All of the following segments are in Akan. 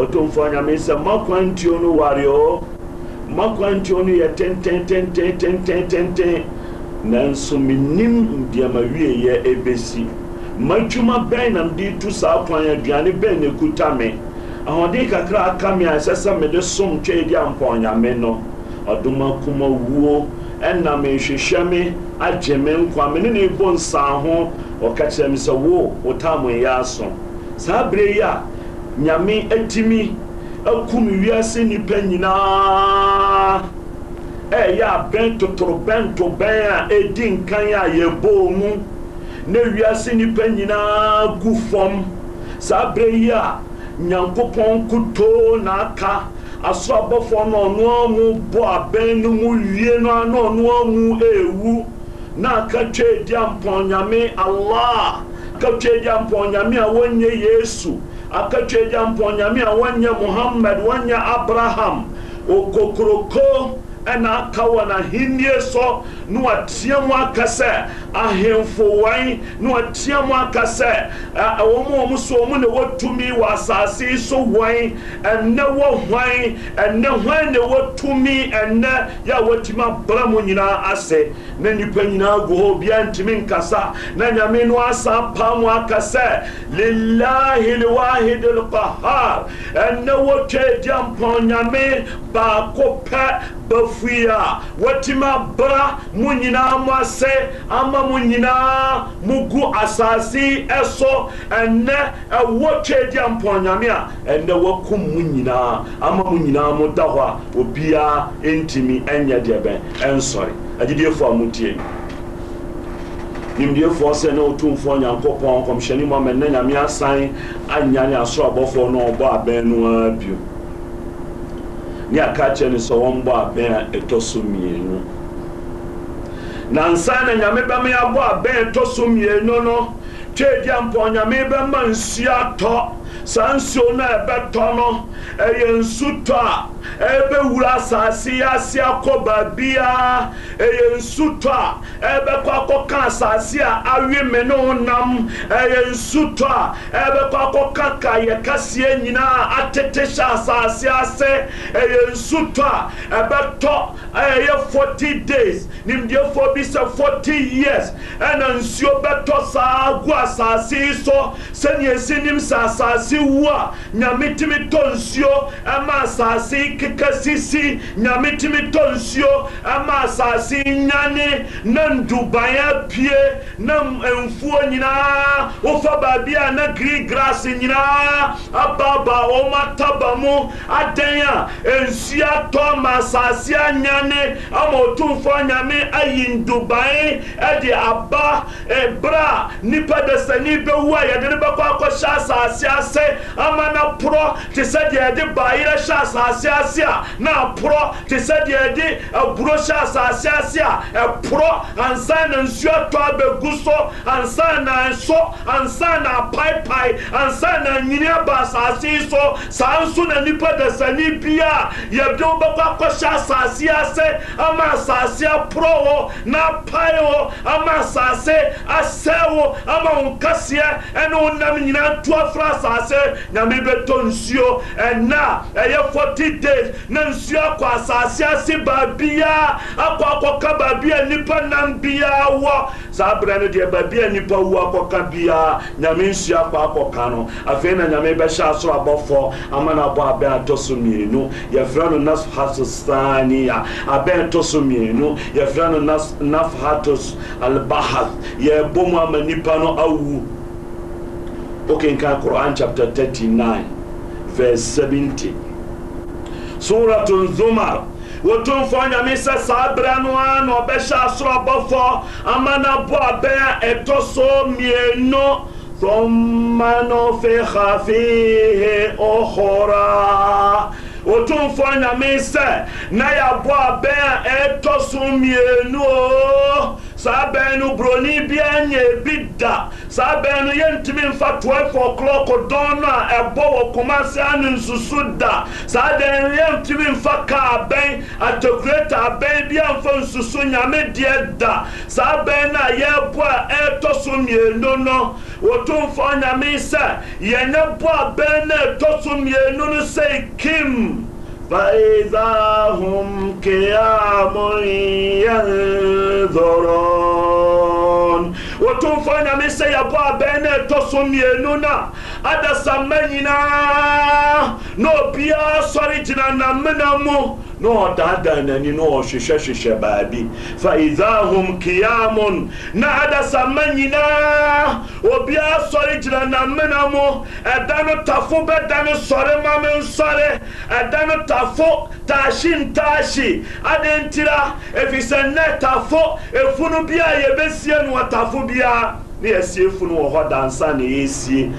otomfanya misa makwanti onu wario makwanti onu yɛ tententententententen nanso menim ndeɛma wieyɛ ɛbɛsi madwuma bɛn na mede tu saa kwan aduane bɛn na ɛkuta me ahoɔden kakra aka me a ɛsɛ sɛ mede som twɛdi ampɔnyame no ɔdoma kuma wuo ɛna mehwehwɛ me agye me nkwa me ne ne bɔ nsaa ho ɔka kyerɛ me sɛ wo wo tam aso saa berɛ yi a nyame atumi akum wiase nnipa nyinaa ɛyɛ abɛn totorobɛnto bɛn a ɛdi nkan a yɛbɔɔ mu na wiase nnipa nyinaa gu fam saa berɛ yi a nyankopɔn kotoo na aka aso abɔfoɔ no mu bɔ abɛn no mu wie no a na ɔnoa mu ɛɛwu na aka twa ampɔnyame allah aka twa adi ampɔnyame a wɔnyɛ yesu akacweja jampo nyame a wanyɛ mohammad wanyɛ abraham okokroko ɛna aka wɔ n'ahennie sɔ ne wateɛ mu aka sɛ ahemfo wan na wɔteɛ mu aka sɛ wɔn a wɔn so wɔn na wɔtumi wɔ asase yi so wan ɛnɛ wɔ hwan ɛnɛ hwan na wɔtumi ɛnɛ yɛ a wɔtumi abra mu nyinaa ase na nipa nyinaa gu hɔ obiara ntumi nkasa na nyame no asa apam aka sɛ lillahi lwahid lqahar ɛnɛ wɔtwa adi ampɔn nyame baako pɛ bafui a wɔtumi abra mu nyinaa mu ase ama ma mu nyinaa mugu asase ɛsɔ ɛnɛ ɛwɔ twɛdi ampɔnyame a ɛnɛ wakum mu nyinaa ama mu nyinaa mo da hɔ a obiara ntumi ɛnyɛ deɛ bɛn ɛnsɔre agyidiefoɔ a motie nimdiefoɔ sɛ ne ɔtumfoɔ nyankopɔn kɔmhyɛne mu amɛnɛ nyame asan anya ne asorɔbɔfoɔ na ɔbɔ abɛn no ara bio ne aka kyerɛ ne sɛ wɔmbɔ abɛn a ɛtɔ so mmienu nansa na nyame bɛma yɛabɔ abɛn ɛtɔ so mmienu no tweadi a mpɔ nyame bɛma nsuo atɔ saa nsuo no a ɛbɛtɔ no ɛyɛ nsu tɔ a ɛbɛwura asase ase akɔ baabia ɛyɛ nsutɔ a ɛbɛkɔ akɔka asase a awe me ne nam ɛyɛ nsutɔ a ɛbɛkɔ akɔka ka yɛ kaseɛ nyinaa atete hyɛ asase ase ɛyɛ nsutɔ a ɛbɛtɔ ɛyɛ 40 days nimdeɛfoɔ bi sɛ 40 years ɛna nsuo bɛtɔ saa gu asase yi so sɛnea si nim sɛ asase wu a nyame tumi tɔ nsuo ɛma e asase sisi keka sisi tɔ nsuo ama asase nyane na ndubaeɛ pie na mfuo nyinaa wofa baabi a na green grass nyinaa ababa wɔn ataba mu adan a nsuo atɔ ama asase anyane ama otumfoɔ nyame ayi ndubaeɛ ɛde aba ɛbrɛ nipa dasani bɛwu a yɛde ne bɛkɔ akɔhyɛ asase ase ama na porɔ te sɛ deɛ yɛde baayerɛ hyɛ asase ase asase euh, euh, oh. oh. oh. a na aporɔ te sɛ deɛ yɛde aburo hyɛ asase ase a ɛporɔ ansan na nsuo atɔ abɛgu so ansan na nso ansan na apaepae ansan na nyini aba asase yi so saa nso na nnipa dasani bi a yɛde wobɛkɔ akɔhyɛ asase ase ama asase aporɔ wɔ na apae wɔ ama asase asɛe wo ama wo nkaseɛ ɛne wo nam nyinaa to afra asase nyame bɛtɔ nsuo ɛna ɛyɛ 40 days stage na nsuo akɔ asase ase baabiaa akɔ akɔka baabi a nnipa nam biaa wɔ saa berɛ no deɛ baabi a nnipa wu akɔka biaa nyame nsuo akɔ akɔka no afei na nyame bɛhyɛ asoro abɔfoɔ ama no abɔ abɛn atɔ mmienu yɛfrɛ no nafhato sania abɛn ɛtɔ mmienu yɛfrɛ no nafhatos albahath yɛbɔ mu ama nnipa no awu wokenkan okay, quran chapter 39 verse 70 suratun zumar wotumfoɔ nyame sɛ saa no na ɔbɛhyɛ asorɔbɔfoɔ ama no aboa bɛn a ɛtɔ so ohora thumma nufiha Naya Bo wotumfoɔ nyame na ɛtɔ saa bɛn no buroni biara nyɛ bi da saa bɛn no yɛntumi mfa 12 o'clock dɔn no a ɛbɔ wɔ kumase ano nsusu da saa bɛn no yɛntumi mfa kaa bɛn atokureta bɛn bi amfa nsusu nyame deɛ da saa bɛn no a yɛbɔ a ɛɛtɔ so mmienu no wɔtumfɔ nyame sɛ yɛnyɛ bɔ a bɛn no a ɛtɔ so mmienu no sɛ kim فإذا هم قيام ينظرون wɔtomfoɔ nyame sɛ yɛbɔ abɛn na ɛtɔ so mmienu na adasamma nyinaa na obiara sɔre gyina mu na ɔdaadaa n'ani na ɔhwehwɛhwehwɛ baabi fa idahum kiyamun na adasamma nyinaa obiara sɔre gyina namena mu ɛda no tafo bɛda no sɔre ma me nsɔre ɛda no tafo taahye ntaahye ade ntira ɛfiri sɛ nnɛ tafo efunu bi a yɛbɛsie no wɔ biara ne yɛsie funu wɔ hɔ dansa na yɛsie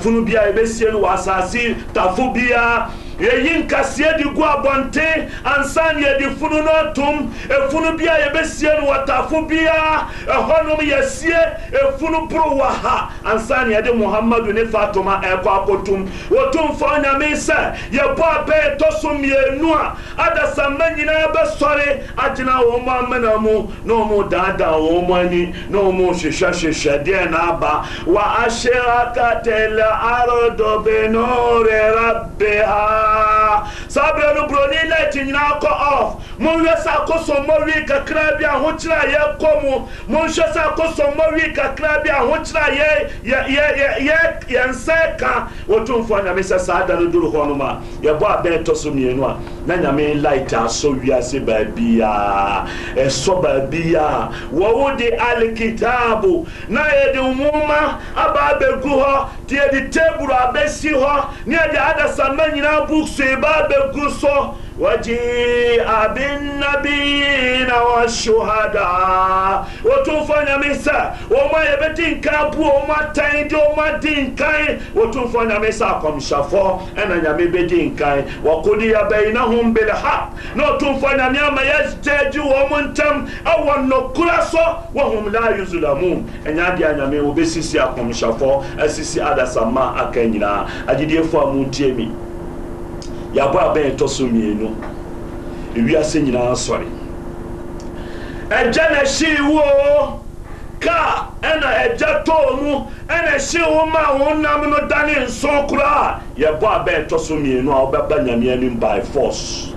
funu bi a yɛbɛsie no wɔ asase tafo biara yɛyi nkaseɛ de gu abɔnten ansan ne yɛde funu no atom efunu bi a yɛbɛsie no wɔtafo biara ɛhɔnom e yɛsie efunu poro wɔ ha ansa ne yɛde muhammadu ne fatoma ɛkɔ e akotom wɔtomfo nyame sɛ yɛbɔ apɛ ɛtɔ so mmienu a adasamma nyinaa bɛsɔre agyina wɔn mu amena mu na wɔn daadaa wɔn mu ani na wɔn hyehyɛhyehyɛ deɛ n'aba wa ahyɛ akatɛlɛ arɔdɔ bɛ nɔɔrɛ rabɛ ha nyinaa saa berɛ no buroni light nyinaa kɔ off monhwɛ sɛ akosɔmmɔ wii kakra bi ahokyerɛ a yɛkɔ mu monhwɛ sɛ akosɔmmɔ wii kakra bi ahokyerɛ a yɛnsɛ ka wɔtomfoɔ nyame sɛ saa da no duru hɔ nom a yɛbɔ abɛn tɔ so mmienu a na nyame light asɔ wiase baabiaa ɛsɔ e baabiaa wɔwo de alkitaabo na yɛde nwoma aba abɛgu hɔ nti yɛde table abɛsi hɔ ne yɛde adasamma nyinaa bu أقصب بالقصة وجيء بالنبيين والشهداء وتوفى نمسا وما يبدين كابو وما تايد وما دين كاين وتوفى نمسا قم شفا أنا نمي بدين كاين وقضي بينهم بالحق نو توفى نمي ما يزدج ومنتم أو النقرس وهم لا يظلمون أن يدي نمي وبسيسي قم شفا أسيسي أدى سما أكينا أجدي فامون تيمي yɛabɔ abɛn ɛtɔ so mmienu ewiase nyinaa sɔre ɛgya na hyee woo kaa ɛna ɛgya tɔɔ mu ɛna hyee wo maa wo nam no dani nson koraa yɛbɔ abɛn ɛtɔ so mmienu a wobɛba nyame anim by force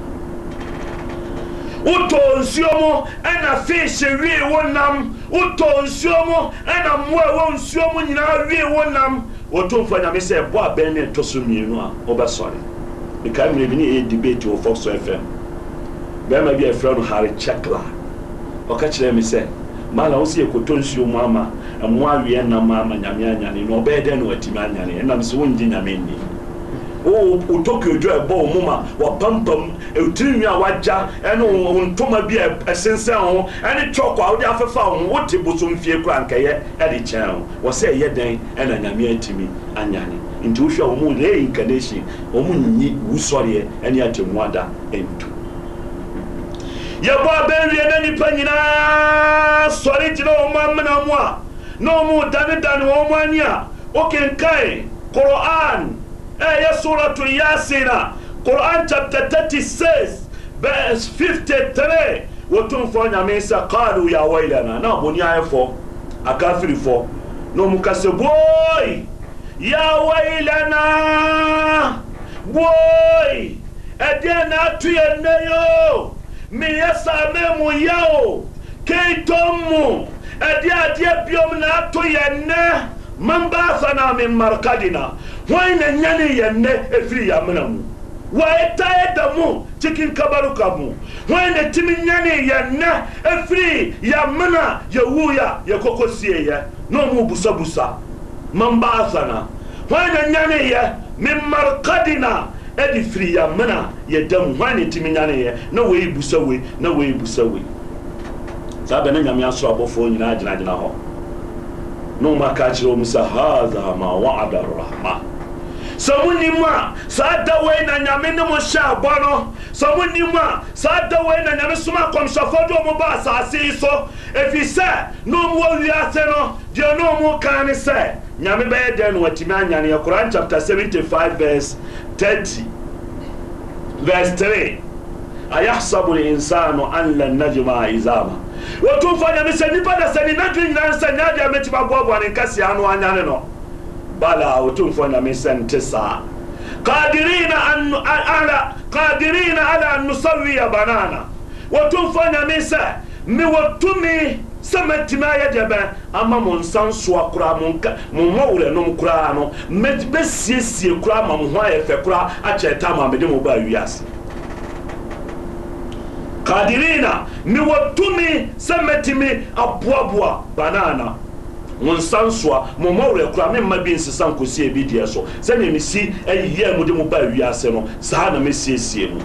wotɔɔ nsuo mu ɛna fiihyɛ wie wo nam wotɔɔ nsuo mu ɛna mmoa ɛwɔ nsuo mu nyinaa wie wo nam wɔtomfo nyame sɛ ɛbɔ abɛn ne ɛtɔ so mmienu a wobɛsɔre nkae mmerɛ bi ne ɛyɛ debate wɔ fox fm bɛrima bi a ɛfrɛ no hare chekla ɔka kyerɛ me sɛ mala wo sɛ yɛkɔtɔ nsuo mu ama ɛmmoa aweɛ nam ama nyame anyane na ɔbɛyɛ dɛn na watimi anyane ɛnam sɛ wongye nyame nni wo otoki ojo ɛbɔ wɔn mu ma wɔpɔmpɔm etirinwi a wagya ɛne wɔn ntoma bi a ɛsensɛn ho ɛne kyɔkɔ a wɔde afefa ho wote bosom fie kura nkɛyɛ ɛde kyɛn ho wɔsɛ ɛyɛ dɛn ɛna nyame atumi anyane nti wohwɛ wɔn mu reincarnation wɔn mu nyi wusɔreɛ ɛne atemu ada ɛntu yɛbɔ abɛnwie na nipa nyinaa sɔre gyina wɔn amena mu a na wɔn danedane wɔn ani a wɔkenkan koran ayah eh, surah yasina quran chapter 36 verse 53 wɔtumfoɔ nyame sɛ qalu ya wailana na ɔbɔni ayɛfɔ akafirifɔ na ɔmu kasɛ booi ya wailana booi ɛdeɛ na ato yɛ nnɛ yo meyɛ saa me mu yɛ o keitɔm mu ɛdeɛ adeɛ biom na ato yɛ nnɛ man b'a fana min markadina wani na nyani yanne efiri yamina mu waye taye da mu cikin kabaruka mu wani na timi nyani yanne efiri yamina ya wuya ya koko siye ya no mu busa busa man b'a fana wani na nyani ya min markadina ɛde firi yamina ya da mu wani na timi nyani ya na wei busa wei na wei busa wei saa bɛ ne nyame asɔ abɔfoɔ nyinaa gyinagyina hɔ numakacira omusa hatha waada rahma samunima sada na nyame ne mushabono samunima sada na nyame soma akɔmhyɛfo de ɔmo ba asase yi so ɛfiri sɛ ne ɔmo wiase no deɛ ne ɔmo ka ne sɛ nyame bɛyɛ dɛn na watumi anyane yɛ koran chapter 75 verse 30 verse 3 ayahsabu linsano an lan najmaa izama wɔtumfoɔ nyame sɛ nnipa da sɛ ne nadwe nyinaa sɛ nyɛ adeɛ mɛtumi aboaboa ne nkaseɛ ano anyane no bala wɔtumfoɔ nyame sɛ nte saa kadirina ala على قادرين على أن نسوي بنانا وتنفع نمسا موتمي sɛmatumi ayɛ deɛ bɛn ama mo nsa nsoa koraa mo mmɔ werɛnom koraa no mɛsiesie koraa ma mo ho ayɛ fɛ koraa akyɛ ta ma mede mo ba awiase kadirina ni wɔ tumi sɛ aboaboa banana mo nsa nsoa mo mmɔwerɛ kora memma bi nsesa nkɔsi ebi deɛ so sɛnea mesi ayiyɛ mu de mo ba wiase no saa na mesiesie mu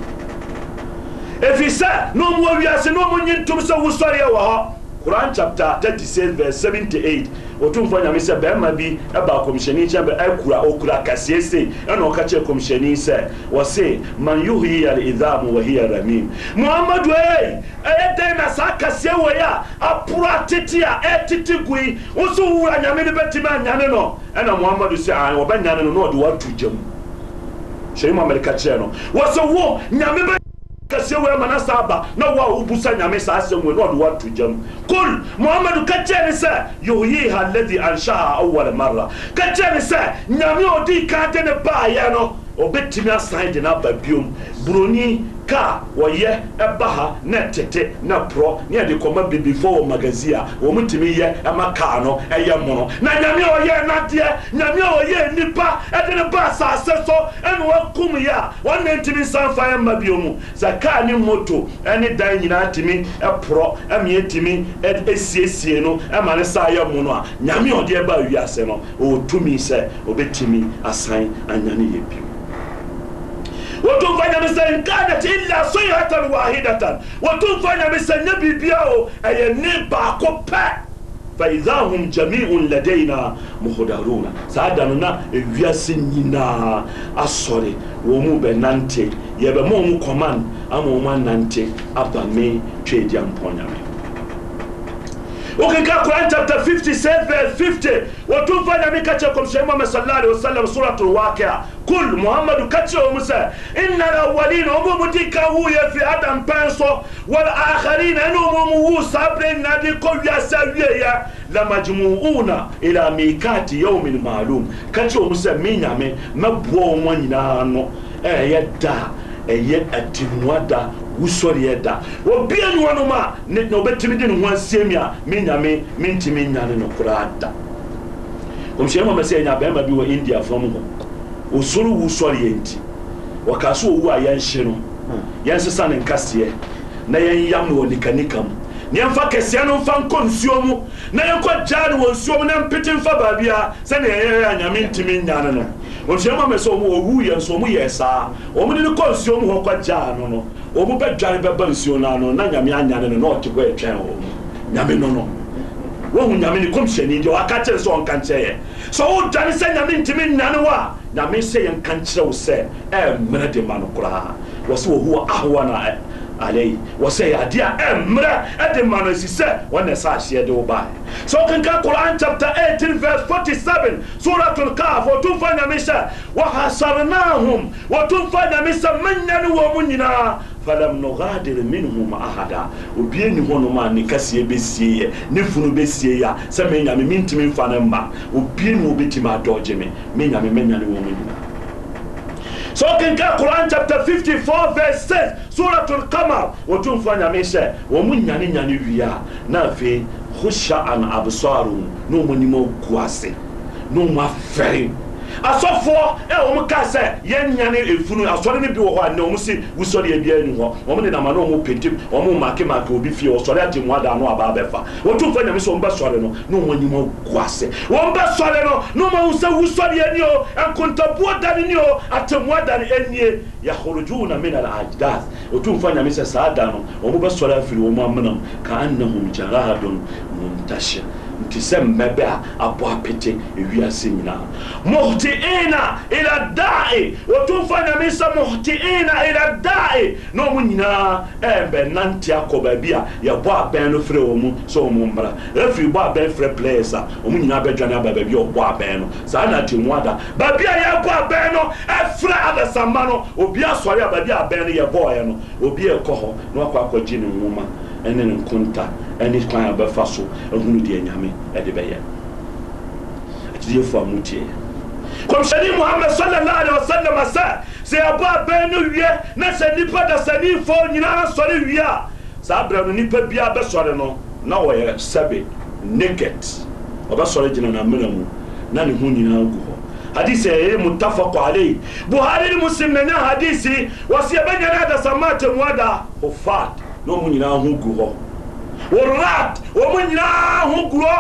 ɛfiri sɛ na ɔmo wɔ na ɔmo sɛ wosɔreɛ wɔ hɔ quran chapter 36 verse 78 ɔtumfoɔ nyame sɛ bɛrima bi ɛba kɔmhyɛni nkyɛn bɛ akura ɔkura kaseɛ sei ɛna ɔka kyerɛ kɔmhyɛni sɛ wɔse man yuhyi alidham wa hiya ramim muhammadu ei ɛyɛ dɛn na saa kaseɛ wei a aporo atete a ɛtete gu yi wo so wura nyame no bɛtumi anyane no ɛna muhammadu sɛ wɔbɛnyane no na ɔde woatu gya mu hyɛni muhammad ka kyerɛ no wɔ so wo nyame kɛseɛ wei ma na saa ba na wo a wobusa nyame saa asɛm wei na ɔde woato gya mu kul mohamado ka kyerɛ ne sɛ yuhyiha alladi anshaha awal mara ka kyerɛ ne sɛ nyame a ka de ne baayɛ no obɛtumi asan de n'aba biom buroni kaa wɔyɛ ɛba ha na tete na porɔ ne yɛde kɔma bibifo wɔ magazin a wɔn tumi yɛ ɛma kaa no ɛyɛ mono na nyame a ɔyɛ nadeɛ nyame a ɔyɛ nipa ɛde ne ba asase so ɛna wakum yɛ a wɔn nan tumi nsan fa ɛma biom sɛ kaa ne moto ɛne dan nyinaa tumi ɛporɔ ɛmea tumi ɛsiesie no ɛma ne sa yɛ mono a nyame ɔde ɛba awiase no ɔwɔ tumi sɛ obɛtumi asan anya ne yɛ biomu wotumfa nyame sɛ nkanat illa sayhatan wahidatan wotumfa nyame sɛ nyɛ biribia o ɛyɛ ne baako pɛ faidha hum jamiun ladaina muhdaruna saa da no na ewiase nyinaa asɔre wɔn mu bɛnante yɛbɛma wɔn command ama wɔn anante aba me twɛ adi ukikaa Quran chapter 57 50 watufanya mikache kwa mshaimu wa sallallahu alaihi wasallam suratul waqi'a kul muhammadu kace wa musa inna alawwalin umumutika huye fi adam penso wal akharin anumuhu sabre nadi ko ya sawiye ya la majmuuna ila mikati yawmin ma'lum kace wa musa minyame mabwo mo nyina no eh ya da ɛyɛ eh, adinuada wosɔreɛ da wɔbia ne wɔnom a na wɔbɛtumi di ne ho asie mi a me nyame mentumi nyane no koraa da kɔmhyɛni mama sɛ nya bɛrima bi wɔ india fam hɔ ɔsɔre wo sɔreɛ nti wɔkaa so ɔwu a yɛnhye no yɛnsesa ne nkaseɛ na yɛnyam no wɔ nikanika mu nneɛmfa kɛseɛ no mfa nkɔ nsuo mu na yɛnkɔ gyaa no wɔ nsuo mu na mpete mfa baabia sɛnea yɛyɛ a nyame ntumi nyane no ɔnhyɛma mɛ sɛ ɔmo ɔwu yɛ nso ɔmo yɛ saa ɔmo de no kɔ nsuo mu hɔ kɔgyaa no no ɔmo bɛdware bɛba nsuo no ano na nyame anyane no na ɔte hɔ ɛtwɛn wɔ nyame no no woahu nyame ne kɔmhyɛni deɛ waka kyerɛ sɛ ɔnka nkyerɛ yɛ sɛ wodwane sɛ nyame ntumi nnane wo nyame sɛ yɛnka nkyerɛ wo sɛ ɛmmerɛ de ma no koraa wɔ sɛ wɔhu wɔ ahoa no alei wɔsɛ yɛ adeɛ a ɛmmerɛ de ma no asi sɛ wɔne sa ahyeɛ de wo baeɛ sɛ wokenka quran chapter 18 verse 47 suratul kaf wɔtomfa nyame hyɛ wahasarnahum wɔtomfa nyame sɛ manya ne wɔ mu nyinaa falam nugadir minhum ahada obie ni hɔnom a ne kaseɛ bɛsie yɛ ne funu bɛsie yɛ a sɛ menyame mentimi mfa ne mma obie ne wɔbɛtumi adɔgye me menyame manya ne wɔ mu nyinaa So sokinka quran chapter 54 verse 6 suratul kamar ɔtumfoɔ nyame hyɛ wɔ mu nyanenyane wie a na afei husha an absarum na ɔmu anim agu ase na ɔmu afɛre asɔfoɔ ɛ eh, wɔn ka sɛ yɛn nyane efunu asɔre ne bi wɔ hɔ a na wɔn si wusɔre ebi ɛnu hɔ wɔn nenam ano wɔn penti wɔn maake maake obi fie wɔsɔre ati mu ada ano aba abɛfa wɔtu fɛ nyame sɛ wɔn bɛ sɔre no na wɔn anyim agu ase wɔn bɛ sɔre no na wɔn ahu sɛ wusɔre ani o nkontabuo dani ni o atemu dani anie yahoroju na mina la ajidas wɔtu fɛ nyame sɛ saa da no wɔn bɛ sɔre afiri wɔn amena ka anahum jarahadun muntashir nti sɛ mmɛbɛ a abɔ apete ewiase nyinaa muhtiina ila dae otumfa nyame sɛ muhtiina ila dae na ɔmo nyinaa ɛɛbɛnante akɔ baabi a yɛbɔ abɛn no frɛ wɔ mu sɛ ɔmo mmra refiri bɔ abɛn frɛ players a ɔmo nyinaa bɛdwane aba baabi a ɔbɔ abɛn no saa na te mu ada baabi a yɛbɔ abɛn no ɛfrɛ abɛsamba no obi asɔre a baabi a abɛn no yɛbɔɔɛ no obi ɛkɔ hɔ na wakɔ akɔgye ne nwoma ɛne ne nkonta ɛne kwan a bɛfa so ɛhunu deɛ nyame ɛde bɛyɛ akyidiefoɔ a motie kɔmhyɛni muhammad sallallahu alaihi wasallam sɛ sɛ yɛbɔ abɛn no wie na sɛ nnipa dasanifoɔ nyinaa sɔre wie a saa berɛ no nnipa biara bɛsɔre no na wɔyɛ sɛbe naked ɔbɛsɔre gyina namena mu na ne ho nyinaa gu hɔ hadisi ɛyɛ mutafakɔ alei buhari ni muslim nanya hadisi wɔsi ɛbɛnyɛ ne adasamma atemmuada ofad n'omu nyinaa ho gu hɔ wɔrat wɔn nyinaa ho gu hɔ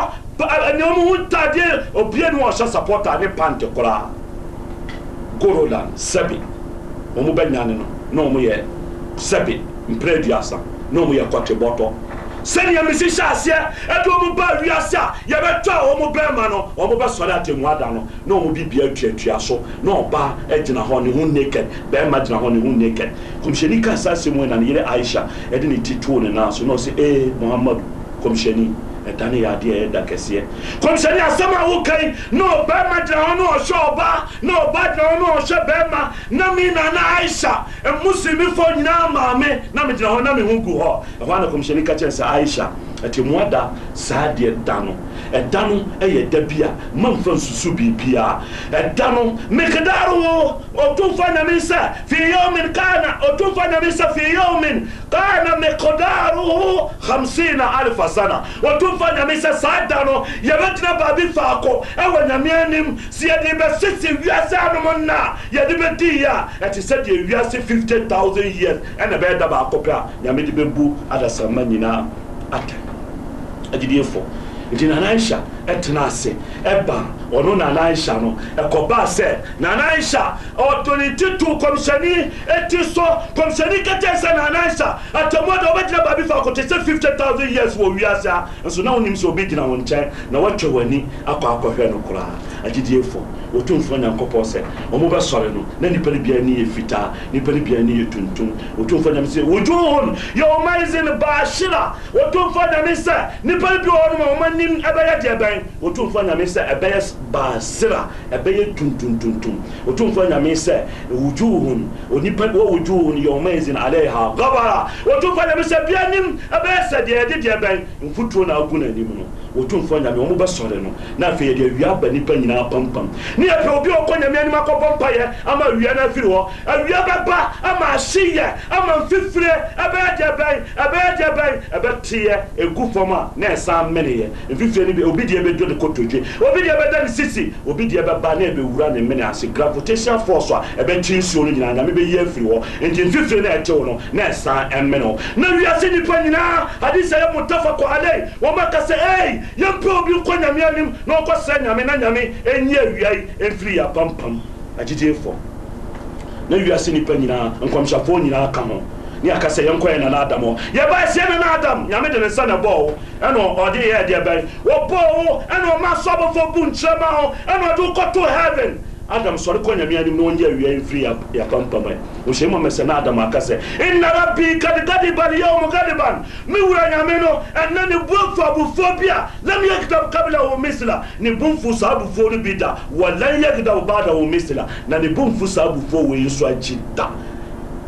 ɛnìyɛn ho ntaadeɛ obiara ni wɔhyɛ sapɔta ne pante koraa gorodan sɛbi wɔn bɛ nyane no na wɔn yɛ sɛbi mpere duasa na wɔn yɛ kɔtwe bɔtɔ sɛnea mesi hyɛ aseɛ ɛde ɔmo ba awiase a yɛbɛtɔ a ɔmo bɛrima no ɔmo bɛsɔre atemmu ada no na ɔmo bibia atuatua so na ɔbaa gyina hɔ ne ho naked bɛrima gyina hɔ ne ho naked kɔmhyɛni ka saa asɛm yi na ne yere aisha ɛde ne ti too ne nan so na ɔsɛ ee muhammadu kɔmhyɛni ɛda ne yɛ adeɛ ɛyɛ da kɛseɛ kɔmhyɛne asɛm a wokai na ɔbarima gyina hɔ na ɔhwɛ ɔbaa na ɔbaa gyina hɔ na ɔhwɛ barima na me nana aisha musulmifoɔ nyinaa maame na megyina hɔ na meho gu hɔ ɛhɔ ana kɔmhyɛne ka kyɛn sɛ aisha ɛti mu ada saa deɛ da no ɛda no ɛyɛ da bi a mamfa nsusu biribiara ɛda no mikdaro ɔtumfa nyame sɛ fi kana ɔtumfa nyame sɛ fi yawmin kana mikdaroho hamsina alfa sana ɔtumfa nyame sɛ saa da no yɛbɛtena baabi faako ɛwɔ nyame anim sɛ yɛde bɛsese wiase anom nna yɛde bɛdiiɛ a ɛte sɛdeɛ wiase 50000 years ɛna bɛyɛ da baako pɛ a nyame de bɛbu adasamma nyinaa atɛ A nti nana ahyia ɛtena ase ɛba ɔno nana aisha no ɛkɔbaa sɛ nana aisha ɔto ne ti to kɔmhyɛni ɛti so kɔmhyɛni kɛtɛ sɛ nana aisha atamua da wɔbɛgyina baabi fa akɔte sɛ 50000 years wɔ wiase a nso na wonim sɛ obi gyina wo nkyɛn na woatwa w'ani akɔ akɔhwɛ no koraa agyidiefo ɔtumfoɔ nyankopɔn sɛ ɔmo bɛsɔre no na nnipa no biara ani yɛ fitaa nnipa no biara ani yɛ tuntum ɔtumfoɔ nyame sɛ wujuhun yawmaizin baashira ɔtumfoɔ nyame sɛ nnipa no bi wɔ hɔ nom a ɔma nim ɛbɛyɛ deɛ dan otumfoɔ nyame sɛ ɛbɛyɛ baasira ɛbɛyɛ tuntuntuntum otumfoɔ nyame sɛ wujuhun onipa wɔ wujuhun yɔmɛnzin alɛha gɔbara otumfoɔ nyame sɛ bianim ɛbɛyɛ sɛ deɛ ɛde deɛ bɛn mfutuo na agu n'anim no ɔtumfoɔ nyame ɔmo bɛsɔre no na afei yɛde awia aba nnipa nyinaa pampam ne yɛpɛ obi ɔkɔ nyame anim akɔbɔ mpayɛ ama awia no afiri hɔ awia bɛba ama ahyeyɛ ama mfifire ɛbɛyɛ gyɛ bɛn ɛbɛyɛ gyɛ bɛn ɛbɛteɛ ɛgu fam a na ɛsan meneyɛ mfifire no bi obi deɛ bɛdwo ne kotodwe obi deɛ bɛda ne sisi obi deɛ bɛba na ɛbɛwura ne mene ase gravitation force a ɛbɛkye nsuo no nyinaa nyame bɛyi afiri hɔ nti mfifire no ɛtew no na ɛsan ɛmene hɔ na wiase nnipa nyinaa hadisɛ yɛ mutafako alei wɔmakasɛ ei yɛmpɛ obi nkɔ nyame anim na ɔkɔsɛ nyame na nyame ɛnyi awia yi ɛmfiri yɛ apampam agyidiefoɔ na wiase nnipa nyinaa nkɔmhyɛfoɔ nyinaa ka ho ne aka sɛ yɛnkɔ yɛ nana adam hɔ yɛbae sɛ nana adam nyame de ne nsa na ɛbɔɔ wo ɛna ɔde yɛɛ deɛ bɛn wɔbɔɔ wo ɛna ɔma asɔbɔfoɔ bu nkyerɛma ho ɛna ɔde wokɔtoo heaven adam sɔre kɔ nyame anim na ɔnyɛ awia mfiri yɛpampama ɔhyɛmu amɛsɛ na adam aka sɛ inna rabbi kad gadiban yawmu gadiban me wura nyame no ɛnɛ ne bu afu abufuo bi a lam yagdab kabla wo misla ne bu mfu saa abufuo no bi da bada wo misla na ne bu mfu saa abufuo wei nso da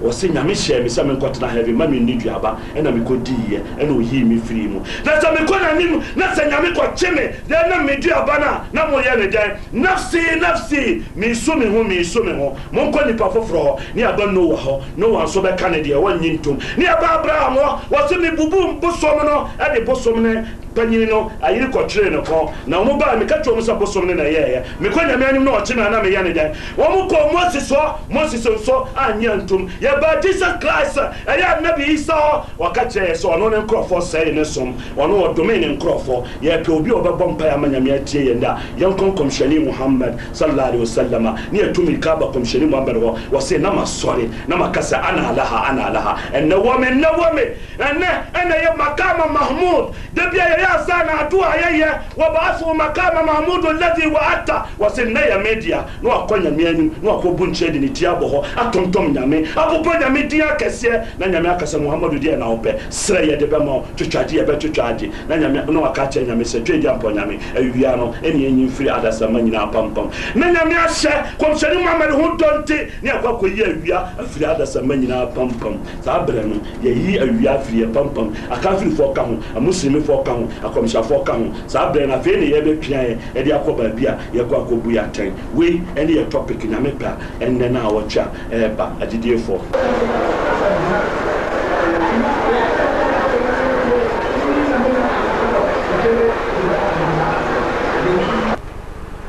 wɔsi nyame hyɛ mi sɛ mi nkɔtena hɛvi ma mi ni duaba ɛna mi kɔ dii yɛ ɛna oyi mi firi mu na sɛ mi kɔ n'anim na sɛ nyame kɔ kye mi na ɛna mi duaba na na mo yɛ ne dɛn nafsi nafsi mi so mi ho mi so mi ho mo nkɔ nipa foforɔ hɔ ni aba nowa hɔ nowa nso bɛka ne deɛ wɔnyi ntom ne aba abraham hɔ wɔsi mi bubu bosom no ɛde bosom ne panyini no ayere kɔkyeree ne kɔn na wɔn baa meka kyerɛ wɔn sɛ bosom ne na ɛyɛɛyɛ mekɔ nyame anim na ɔkye na anam ɛyɛ ne dɛn wɔn kɔ mose soɔ mose so nso anyɛ ntom yɛbaa jesus christ ɛyɛ anabi isa hɔ wɔka kyerɛ yɛ sɛ ɔno ne nkurɔfoɔ sɛe ne som ɔno ɔdome ne nkurɔfoɔ yɛpɛ obi a ɔbɛbɔ mpae ama nyame atie yɛn da yɛnkɔ nkɔmhyɛne muhammad sallallahu alaihi wasallam ne yɛtu mirika aba kɔmhyɛne muhammad hɔ wɔse na masɔre na maka sɛ ana alaha ana alaha ɛnɛ wɔ me ɛnɛ wɔ me ɛnɛ ɛnɛ yɛ makama mahmud da bia yɛyɛ ya sana atua yeye wabaathu makama mahmudu alladhi waata wasenneya media ne wakɔ nyame anim ne wakɔbu nkyerɛ de ne tia bɔ hɔ atontɔm nyame abobɔ nyame din akɛseɛ na nyame akasa muhammadu deɛ na wopɛ serɛ yɛde bɛma wo twitwadeɛ yɛbɛtwitwa ade na nyame ne waka kyerɛ nyame sɛ twedi ampɔ nyame awia no ɛne anyi mfiri adasama nyinaa pampam na nyame ahyɛ kɔmhyɛne muhammad ho dɔ nte ne akɔ akɔyi awia afiri adasama nyinaa pampam saa berɛ no yɛyi awia afiri yɛ pampam akafirifoɔ ka ho amuslimifoɔ ka ho akɔmhyɛfoɔ ka ho saa berɛ no afei ne yɛbɛpia yɛ de akɔ baabi a yɛkɔ akɔbu yɛ atɛn wei ne yɛ topic nyame pɛ a ɛnnɛ no a wɔtwa ɛɛba agyediefoɔ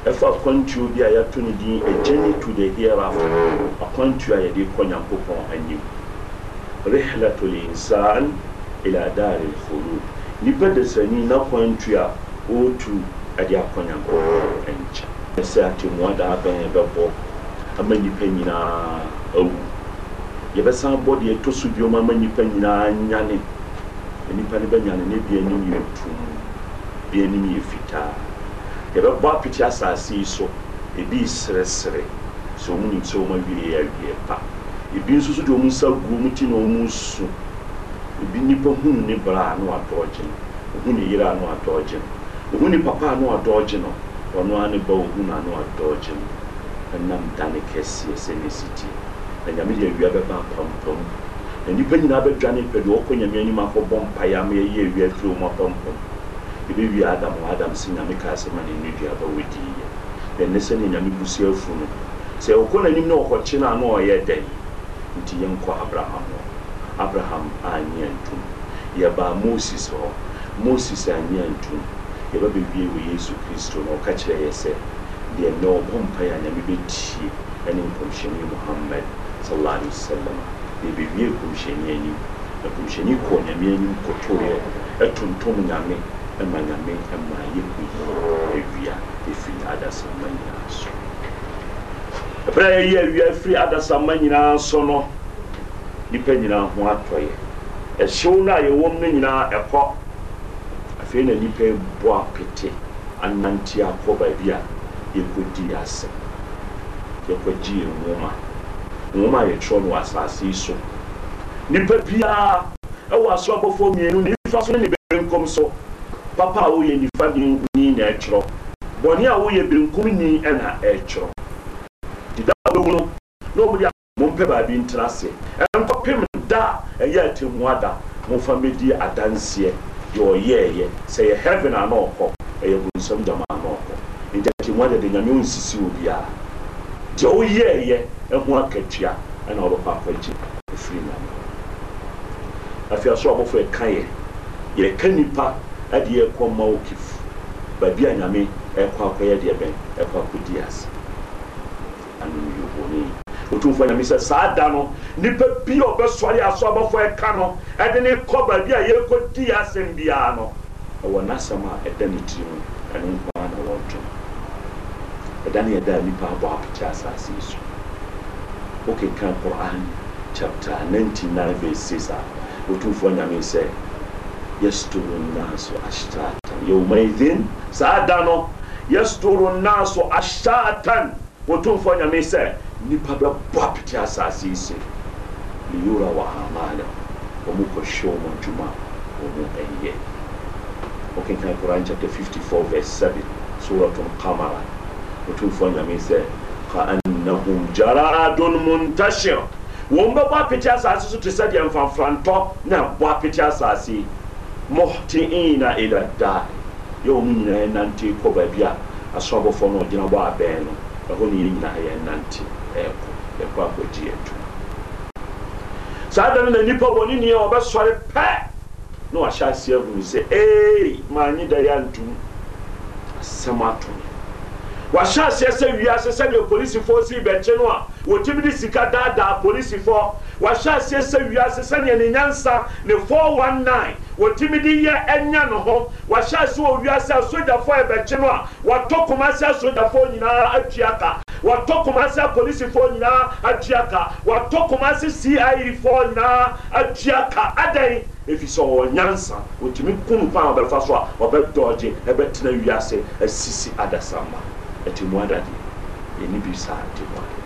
ɛfa akwantuo bi a yɛato no din a to the hereafter akwantuo a yɛde kɔ nyankopɔn anim rihlatul insan ila dari lkhulud nipa desani na kwantu a ɔretu ɛde akɔ nyankopɔn nkyɛn ɛsɛ atemmua daa bɛn bɛbɔ ama nipa nyinaa awu yɛbɛsan bɔ deɛ ɛtɔ so biom ama nipa nyinaa nyane nipa no bɛnyane ne bi anim yɛ tum bi anim yɛ fitaa yɛbɛbɔ apete asase yi so ebi seresere sɛ ɔmu nim sɛ ɔmu awie awie pa ebi nso so deɛ ɔmu nsa gu ɔmu ti na ɔmu nsu obi nipa hunu ne bra ano atɔɔgye no ohunu ne yere ano atɔɔgye no ohunu ne papa ano atɔɔgye no ɔno ano ba ohunu ano atɔɔgye no ɛnam dane kɛseɛ sɛ ne si tie na nyame yɛ awia bɛba apampam na nipa nyinaa bɛdwane pɛ deɛ ɔkɔ nyame anim akɔbɔ mpaeɛ ama yɛyɛ awia firi mu apampam ɛbɛwie adam wɔ adam sɛ nyame kaa sɛ ma ne ne duaba wɔdiiyɛ na ɛnɛ sɛneɛ nyame busia afu no sɛ ɔkɔ n'anim na ɔkɔkye no a ɔyɛ dɛn nti yɛnkɔ abraham abraham anyɛ ntom yɛbaa moses hɔ moses anyɛ ntom yɛba bɛwie wɔ yesu kristo na ɔka kyerɛ yɛ sɛ deɛ nnɛ ɔbɔ mpae a nyame bɛtie ɛne nkɔmhyɛni muhammad sallallahu alaihi wasallam na ɛbɛwie nkɔmhyɛni anim na nkɔmhyɛni kɔɔ nyame anim kɔtoeɛ ɛtontom nyame ɛma nyame ɛma yɛhu yi awia ɛfiri adasamma nyinaa so ɛberɛ a awia firi adasamma nyinaa so no nipa nyinaa ho atɔyɛ ɛhyew no a yɛwɔ mu no nyinaa ɛkɔ afei na nipa bɔ apete anante akɔ baabi a yɛkɔdi asɛm yɛkɔgye yɛ nwoma nwoma a yɛtwerɛ no wɔ asase yi so nipa biara ɛwɔ aso abɔfoɔ mmienu ne nifa so ne ne benkum so papa a woyɛ nifa ni na ɛtwerɛ bɔne a woyɛ benkum ni ɛna ɛtwerɛ dida a no na wɔde a baabi ntena ase ɛnkɔ pem da ɛyɛ atemua da mofa mɛdi adanseɛ deɛ ɔyɛɛyɛ sɛ yɛ heaven a na ɔkɔ ɛyɛ bonsam gyama a ɔkɔ nti atemua da de nyame ɔnsisi obiara deɛ ɔyɛɛyɛ ɛho akatua ɛna ɔbɛkɔ akɔgye ɛfiri nyame afei aso abɔfo ɛka yɛ yɛka nnipa ɛde yɛkɔ ma wo kifu baabi a nyame ɛkɔ akɔyɛ deɛ bɛn ɛkɔ akɔdi ase anomyɛhoɔ no yi otumfo nyame sɛ saa da no nipa bi a ɔbɛsɔre asɔbɔfoɔ ɛka no ɛde ne kɔ baabi a yɛkɔdi asɛm biara no ɛwɔ n'asɛm a ɛda ne tiri mu ɛno nkoa na wɔdwe ɛda ne yɛda a nipa abɔ apɛkyɛ asase yi so wokeka quran chapter 99 verse 6 a otumfo nyame sɛ yɛstoro nnaso ashtatan yawmaidhin saa da no yɛstoro nnaso ashtatan wɔtumfo nyame sɛ nipa bɛ bɔ apiti asase yi se liyura wa amala wɔn kɔhyɛ wɔn adwuma wɔn ɛyɛ wɔkenkan koran chapter fifty four verse seven suratun kamara otumfoɔ nyame sɛ ka annahum jaradun muntashir wɔn bɛbɔ apiti asase so te sɛ deɛ mfanfrantɔ na bɔ apiti asase yi muhtiina ila da yɛ wɔn nyinaa nante kɔ baabi a asɔbɔfoɔ no ɔgyina bɔ abɛn no ɛhɔ ne yɛ nyinaa yɛ nante ɛɛkɔ ɛkɔ akɔgye adwuma saa dɛm na nipa wɔ ne nea ɔbɛsɔre pɛ na wahyɛ ase ahunu sɛ ee maanye da yɛ antum asɛm ato me wahyɛ aseɛ sɛ wiase sɛdeɛ polisifoɔ si bɛnkye no a wɔtumi de sika daadaa polisifoɔ wahyɛ aseɛ sɛ wiase sɛdeɛ ne nyansa ne 419 wɔtumi de yɛ ɛnya ne ho wahyɛ ase wɔ wiase asogyafoɔ ɛbɛnkye no a wɔatɔ kɔma se asogyafoɔ nyinaa atua ka wɔtɔ kumase apolisifoɔ nyinaa atua ka wɔtɔ kumase cifoɔ nyinaa atua ka adan efi sɛ ɔwɔ nyansa otumi kunu pan ɔbɛfa so a ɔbɛdɔɔgye ɛbɛtena wiase asisi adasama ɛti mu adade ɛni bi saa ɛti mu adade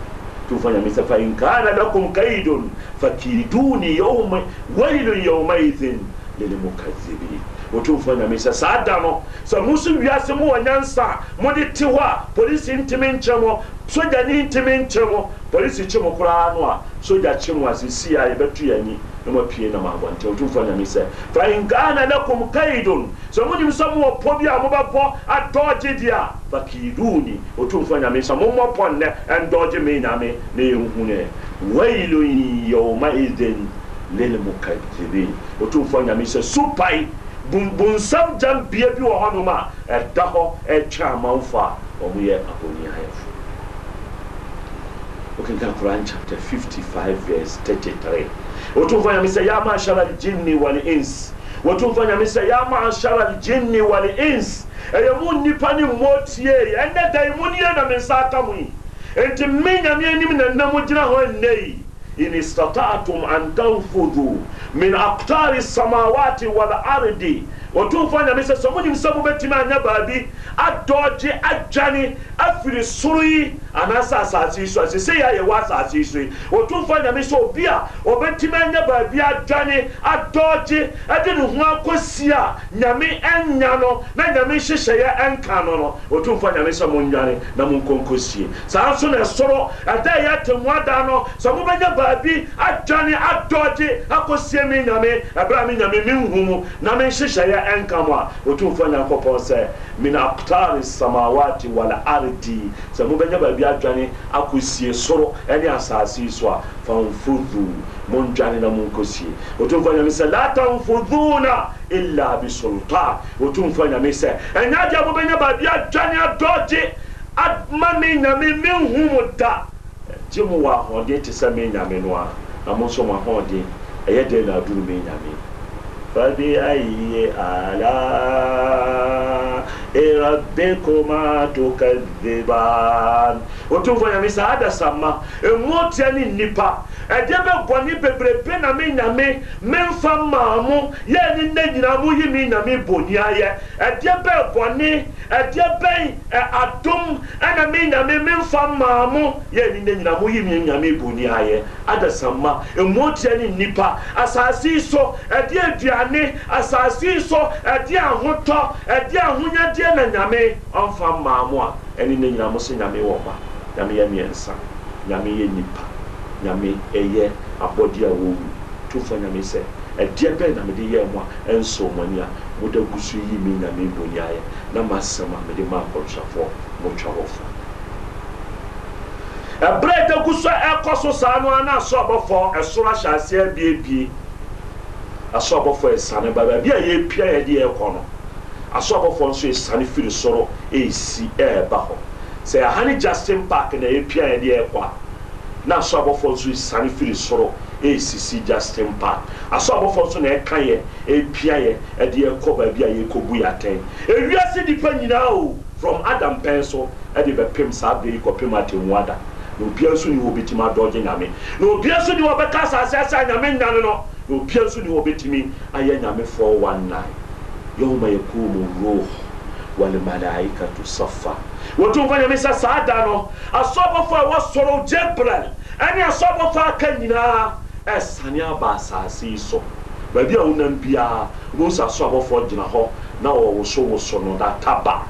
tufanya misa fa in kana lakum kaidun fakiduni yawma wailun yawmaidhin lilmukaththibin ɔtumfoɔ nyame sɛ saa da no sɛ mo so wiase mo wɔ nyansa a mode te hɔ a polisi ntimi nkyerɛ mo sogyani ntimi nkyerɛ mo polisi kye mo koraa no a sogya kye mo asesi a yɛbɛto yɛ ani na moapue nam abɔnte ɔtumfoɔ nyame sɛ fa inkana lakum kaidon sɛ monim sɛ mowɔ pɔ bi a mobɛpɔ adɔɔgye deɛ a fakiduni ɔtumfoɔ nyame sɛ mommɔpɔ nnɛ ɛndɔɔgye me nyame na yɛnhunɛ wailun yawmaidin lilmukadirin ɔtumfoɔ nyame sɛ supai bunsam gyambea bi wɔ hɔnom a ɛda hɔ ɛtwa amanfo a wɔn yɛ abɔni wokenkan koran chapter 55 verse 33 wɔtumfa nyame sɛ ya maashara aljinni walins wɔtumfa nyame sɛ ya maashara aljinni walins ɛyɛ mu nnipa ne mmɔtie ɛnɛ dan mu ne yɛ na me nsa aka mu yi enti me nyame anim na nam gyina hɔ nnɛ yi إن استطعتم أن تنفذوا من أقطار السماوات والأرض ɔtumfoɔ nyame sɛ sɛ monyim sɛ mobɛtumi anya baabi adɔɔgye adwane afiri soro yi anaasɛ asase yi so asɛ sɛ yɛ ayɛwɔ asase yi so yi ɔtumfoɔ nyame sɛ obi a ɔbɛtumi anya baabi adwane adɔɔgye ɛde ne ho akɔsi a nyame ɛnya no na nyame nhyehyɛeɛ ɛnka no no ɔtumfoɔ nyame sɛ monnwane na monkɔnkɔsie saa nso na ɛsoro ɛda ɛyɛ atemmu ada no sɛ mobɛnya baabi adwane adɔɔgye akɔsie me nyame ɛberɛ a me nyame menhu mu na menhyehyɛeɛ ɛnka mu a ɔtumfoɔ nyankopɔn sɛ min aktare samawati wal ardi sɛ mobɛnya baabi adwane akɔsie soro ɛne asase yi so a famfudu mondwane na monkɔsie ɔtumfoɔ nyame sɛ la tamfuduna illa bisultan ɔtumfoɔ nyame sɛ ɛnya deɛ mobɛnya baabi adwane adɔgye ama me nyame menhu mo da gye mo wɔ ahoɔden te sɛ me nyame no a na mo nso mo ahoɔden ɛyɛ dɛn na aduru me nyame فبأي آلاء rabbikuma tukadhiban ɔtumfoɔ nyame saa adasamma ɛmu ɔteɛ ne nnipa ɛdeɛ bɛbɔne bebrebe na me nyame memfa maa mo yɛ ne nna nyinaa mo yi me nyame bɔni ayɛ ɛdeɛ bɛbɔne ɛdeɛ bɛn adom ɛna me nyame memfa maa mo yɛ ne nna nyinaa mo yi me nyame bɔni ayɛ adasamma ɛmu ɔteɛ ne nnipa asase yi so ɛdeɛ aduane asase yi so ɛdeɛ ahotɔ ɛdeɛ ahonyade ntiɛ na nyame ɔmfa mmaa mo a ɛne ne nyina mo sɛ nyame wɔ ba nyame yɛ mmiɛnsa nyame yɛ nipa nyame ɛyɛ abɔdeɛ a wɔwu tumfa nyame sɛ ɛdeɛ bɛɛ na mede yɛɛ mo a ɛnso mo ani a moda gu so yi me nyame boni ayɛ na masɛm a mede ma akɔtwafoɔ motwa wɔ fa ɛberɛ da gu so ɛkɔ so saa no a na aso abɔfoɔ ɛsoro ahyɛ aseɛ abiebie aso abɔfoɔ ɛsane ba baabi a yɛpia yɛde yɛkɔ no aso abɔfoɔ nso esane firi soro esi ɛɛba eh, hɔ sɛ ahane justin park na epia yɛ deɛ ɛkɔ a na aso abɔfoɔ nso esane firi soro esisi justin park aso abɔfoɔ nso na ɛka yɛ epia yɛ ɛde ɛkɔ baabi a yɛkɔ bu yatɛn ewiase nipa nyinaa o from adam pɛn so ɛde bɛpem saa abiri kɔpem atemmu ada na obiara nso ni wɔbɛtumi adɔgye nyame na obiara nso ni wɔbɛka asase asa nyame nnan no na obiara nso ni wɔbɛtumi ayɛ nyame four one nine yawma yaqumu ruh wal malaikatu safa wɔtumfo nyame sɛ saa da no asɔbɔfo a wɔsɔrɔ gyebrɛl ɛne asɔbɔfo aka nyinaa ɛsane aba asase yi so baabi a wonam biara wohu sɛ asɔbɔfoɔ gyina hɔ na wɔwosowoso no taba.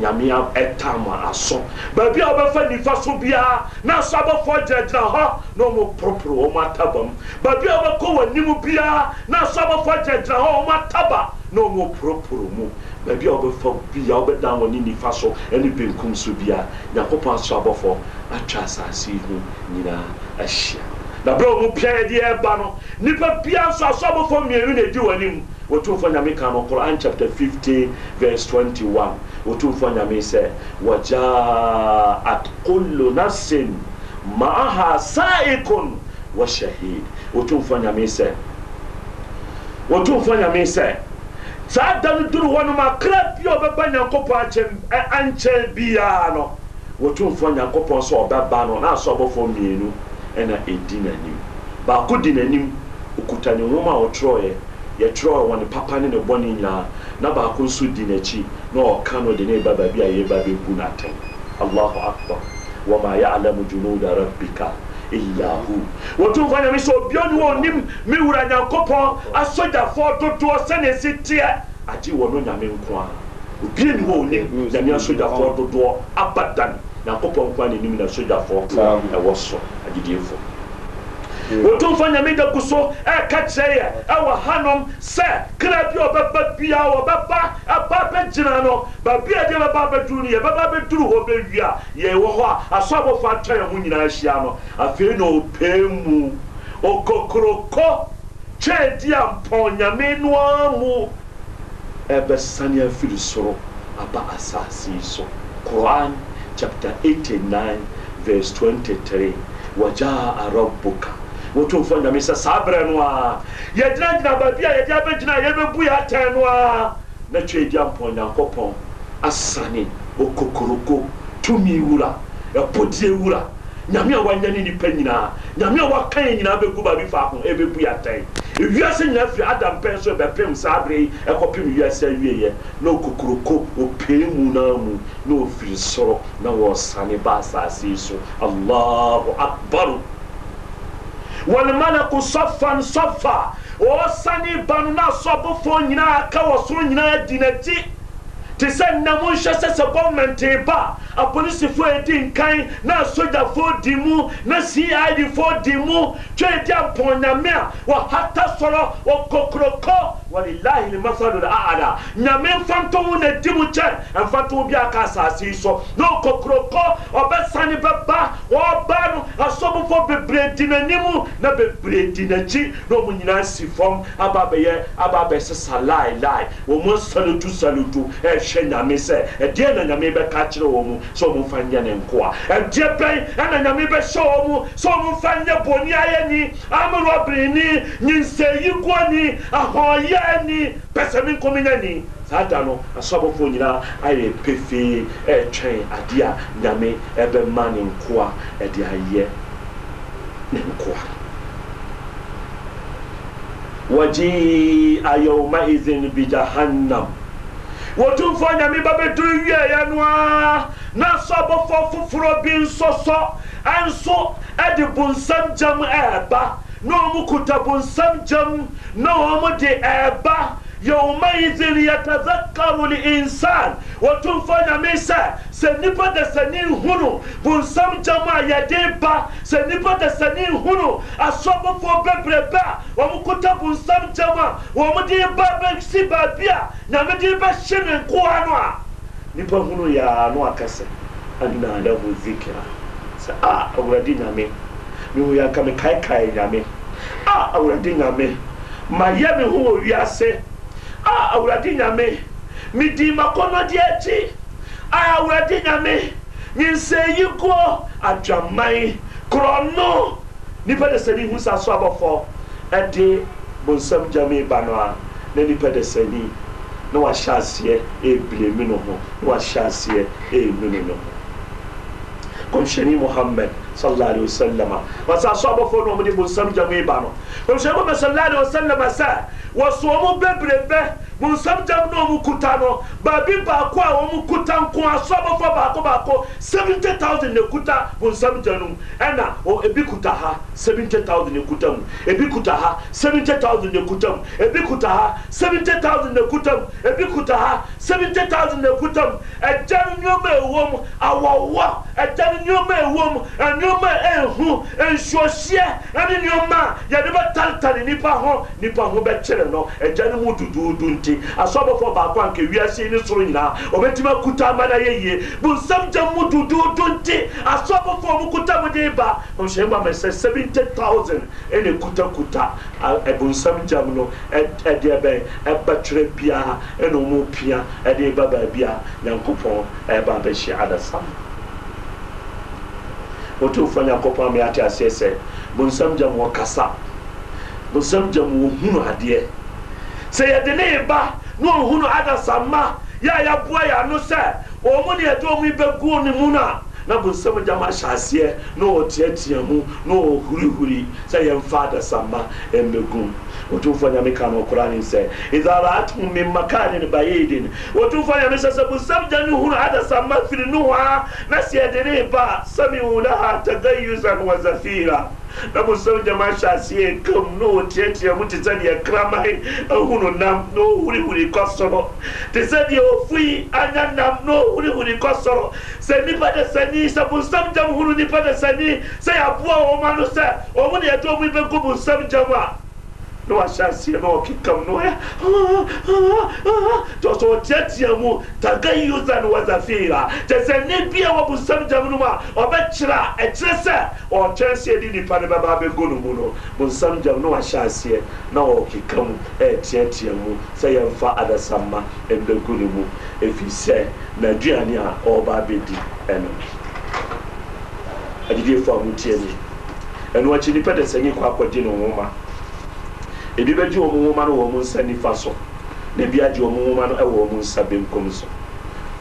nyame etama aso baabi a wɔbɛfa nifa so biara na asɔbɔfoɔ gyinagyina hɔ na ɔmo poroporo wɔn ataba mu baabi a wɔbɛkɔ wɔn anim biara na asɔbɔfoɔ gyinagyina hɔ wɔn ataba na ɔmo poroporo mu baabi a ɔbɛfa bia ɔbɛdan wɔ ne nifa so ne benkum so a. nyankopɔn aso abɔfo atwa asase yi ho nyinaa ahyia na berɛ a ɔmo piaeɛ deɛ ɛba no nnipa bia nso aso abɔfo mmienu na ɛdi w'anim wɔtumfo nyame ka no koran chapter 50 verse twenty-one. 21 wɔtumfo nyame sɛ wajaat kullu nafsin maaha saikon wa shahid wɔtumfo nyame sɛ wɔtumfo nyame sɛ saa da no duru hɔ nom a kra bia ɔbɛba nyankopɔn ankyɛn biara no wɔtumfoɔ nyankopɔn sɛ ɔbɛba no na asɔ abɔfoɔ mmienu ɛna ɛdi n'anim baako di n'anim ɔkuta ne nwoma a ɔtwerɛeɛ yɛtwerɛɛ wɔ ne papa ne ne bɔne nyinaa na baako nso di n'akyi na ɔka no de ne ba baabi a yɛba bɛbu no atɛn allahu akbar wama yalamu junuda rabbika iyahu wɔtumfo nyame sɛ obia ne wɔ nim me wura nyankopɔn asogyafoɔ dodoɔ sɛne ɛsi teɛ agye wɔ no nyame nko a obia ne wɔ nim nyame asogyafoɔ dodoɔ abadan nyankopɔn nko a ne nim na asogyafoɔ ɛwɔ so agyediefoɔ ɔtumfo nyame da gu so ɛka kyerɛ yɛ ɛwɔ hanom sɛ kra bi ɔbɛba bia ɔbɛba ɛba bɛgyina no baabi deɛ bɛba bɛduru no yɛbɛba bɛduru hɔ bɛwia yɛwɔ hɔ a asɔabɔfo atwa yɛn ho nyinaa ahyia no afei na ɔpɛɛ mu okokoroko kyɛɛdi a mpɔn nyame noa mu ɛbɛsane afiri soro aba asase yi so quran chapter 89 verse 23 وجاء ربك wɔtumfoɔ nyame sɛ saa berɛ no a yɛgyinagyina baabi a yɛde abɛgyina a yɛbɛbu yɛ atɛn no a na twɛ di ampɔ nyankopɔn asane okokoroko tumi wura ɛpodie wura nyame a wanyɛ ne nipa nyinaa nyame a waka yɛ nyinaa bɛgu baabi faako ɛbɛbu yɛ atɛn ewiase nyinaa firi adam pɛn so bɛpem saa bere yi ɛkɔpem wiase awieɛ na okokoroko opee mu naa mu na ofiri soro na wɔsane ba asase yi so allahu akbaru walimalaku sɔfan sɔfa o sani banu na sɔbufo nyinaa kawaso nyinaa dinɛti te sɛ nnamu nhyɛ sɛ sɛ gɔmɛnte ba apolisifoɔ edi nkan na sogyafoɔ di mu na cid foɔ di mu twɛ di apɔnyame a wɔhata sɔrɔ wɔkokoroko walilahi ni masalu la ala nyame nfantow na di mu kyɛ nfantow bi aka asase yi sɔ na okokoroko ɔbɛsane bɛba wɔɔba no asɔbofo bebree di n'anim na bebree di n'akyi no wɔn nyinaa si fam aba abɛyɛ aba lai laelae wɔn mu salutu salutu ɛɛhwɛ nyame sɛ ɛdeɛ na nyame bɛka kyerɛ wɔn mu sɛ wɔn mfa nyɛ ne nkoa ɛdeɛ bɛn ɛna nyame bɛhyɛ wɔn mu sɛ wɔn mfa nyɛ bɔnni ayɛ ni amorɔbiri ni nyinsɛyi guɔ ni ahɔnyɛ ni pɛsɛ mi nkɔmi nya ni saa da no asɔbɔfo nyinaa ayɛ pefee eh, ɛɛtwɛn adeɛ a nyame ɛbɛma ne nkoa ɛde ayɛ ne nkoa wɔgye ayɛwoma izin bi jahannam wɔtumfoɔ nyame bɛbɛduru wieɛ no a na asɔbɔfoɔ foforɔ bi nsɔsɔ ɛnso ɛde bonsam gyam ɛɛba na ɔmo kuta bonsam gyam na ɔmo de ɛɛba yawmaidhin yatadhakaru linsan wɔtomfa nyame sɛ sɛ nnipa da sani nhunu bonsam gyam a yɛde ba sɛ nnipa da sani nhunu asɔbofoɔ bebrebe a wɔm kota bonsam gyam a wɔm de ba bɛsi baabi a nyame bɛhye ne no a nnipa hunu ya no akasɛ annalahu dhikra sɛ a awurade ah, nyame mewɔ yɛ anka mekaekae nyame a awurade nyame mayɛ me ho wɔ wiase a awurade nyame medii makɔnɔde akyi a awurade nyame nyinsɛyikoɔ adwaman korɔno nipa de sani hu sa so abɔfɔ ɛde bonsam gyame ba no a na nipa de sani na wahyɛ aseɛ ebile mi no ho na wahyɛ aseɛ emi no ho kɔmhyɛni muhammed sallallahu alaihi wasallama wasa asɔbɔ fo na ɔmo de bonsam gya mu yi ba no ɔmo sɛ ɔmo bɛ sallallahu alaihi wasallama sɛ wɔsɔ ɔmo bebrebe bonsam jam na ɔmo kuta no baabi baako a ɔmo kuta nko aso abɔfra baako baako seventy thousand na kuta bonsam jam no mu ɛna ebi kuta ha seventy thousand na kuta mu ebi kuta ha seventy thousand na kuta mu ebi kuta ha seventy thousand na kuta mu ebi kuta ha seventy thousand na kuta mu ɛgya no nneɛma ɛwɔ mu awɔwɔ ɛgya no nneɛma ɛwɔ mu nneɛma ɛhu nsuohyɛ ɛne nneɛma yɛde bɛ taretare nipa ho nipa ho bɛkyerɛ no ɛgya no mu duduudu nti nti asɔbɔfoɔ baako a nka wiase ne soro nyinaa ɔbɛtumi akuta ama no ye. yie bonsam gya mu dodoodo nti asɔbɔfoɔ mu kuta mu de ba ɔhyɛ mu ama sɛ kuta kuta. kutakuta bonsam gya mu no ɛdeɛ bɛn ɛbɛtwerɛ biara ɛne ɔmu pia ɛde ba baabi a nyankopɔn ɛba abɛhyɛ adasa wɔtumfoɔ nyankopɔn a meyɛate aseɛ sɛ bonsam gya mu ɔkasa bonsam gya mu wɔhunu adeɛ sɛ yɛde ne yeba na ɔhunu adasamma yɛ a yɛaboa yɛ ano sɛ wɔn ne yɛde wɔn bɛgu ne mu no a na bonsɛm gyama hyɛ aseɛ na ɔteatea mu na ɔhurihuri sɛ yɛmfa adasamma ɛmbɛgu mu otuufu nyamikano nse idha raatuhum min makanin bayidin otuufu hada se musabjanuhun hadasa mafirinuha nasyediriba samiu laha tagayuzan wa zafira na musau jama shasiye kam no ya muti titsadi ya kramai ahuno nam no huri huri kosoro titsadi ya ofui anya nam no huri huri kosoro se nipa de sani se musau jam hunu nipa de sani se ya buwa omanu se omuni ya to mu kubu ko musau jama ne wahyɛ aseɛ na ɔkekam e no ɛ tɔ sɛ ɔteatea mu taka yusa ne wasafira kyɛ sɛ nne bi a wɔbonsam gyam no mu a ɔbɛkyerɛ a ɛkyerɛ sɛ ɔkyerɛ sɛ de nnipa no bɛba bɛgu no mu no bonsam gyam ne wahyɛ aseɛ na ɔkeka mu ɛɛteatea mu sɛ yɛmfa adasamma ɛmbɛgu no mu ɛfiri sɛ n'aduane a ɔreba bɛdi ɛno agyediefoɔ a motie ni ɛno akyi nnipa de sɛ nye kɔ akɔgye ne nwoma ebi bɛgye wɔn nwoma no wɔn nsa nifa so na ebi agye wɔn nwoma no wɔ wɔn nsa benkum so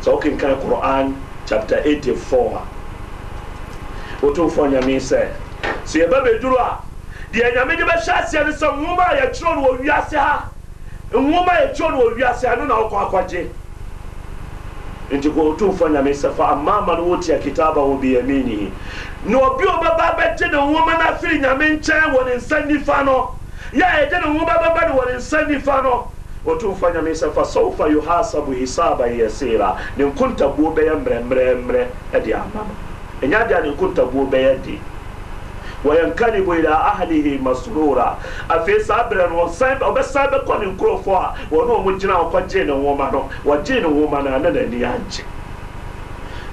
sɛ wokenkan quran chapter 84 a wotomfoɔ nyame sɛ sɛ yɛba bɛduru a deɛ nyame de bɛhyɛ aseɛ no sɛ nwoma a yɛtwerɛ no wɔ wiase ha nwoma a yɛtwerɛ no wɔ wiase ha no na wokɔ akɔgye nti ko otumfo nyame sɛ fa amama no wotia kitaba ho biyaminihi na obi a ɔbɛba bɛgye ne nwoma no afiri nyame nkyɛn wɔ ne nsa nifa no yaeje ne wubaba bali walinsanyifa no otumfa nyamisa fa saufa yuhasabu hisaban yasira ne nkonta buo bɛyɛ mmerɛmmerɛmmerɛ ɛde amama ɛnya de a ne nkonta bɛyɛ de wayankalibu ila ahlihi masrura afei saa berɛ no ɔbɛsan bɛkɔ ne nkurɔfoɔ a wɔne ɔmo gyina ɔkɔgyee ne nwoma no wɔgyee ne nwoma no ana n'ani agye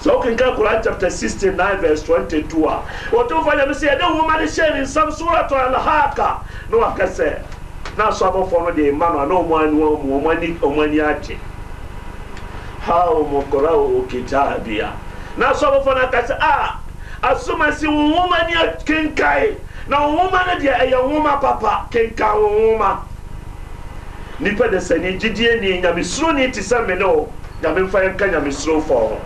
So Quran chapter 69 verse 22. Watufanya msiya de woman sharing some surah to al-haka. No akase. Na so mama no de imano ana omwani wa omwani omwani ache. Hao mukorao kitabia. Na so abofo na kase ah asuma si woman ya kinkai Na woman de eya woman papa kenka woman. Nipa de sani gidie ni nyamesuro ni tisame no. Nyamemfa yanka nyamesuro fo